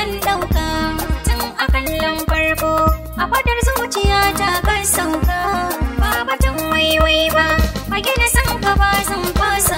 zan ɗauka tun a kallon farko a fadar zuciya ta kan sauka ba batun waiwai ba ba gina san ka ba zan fasa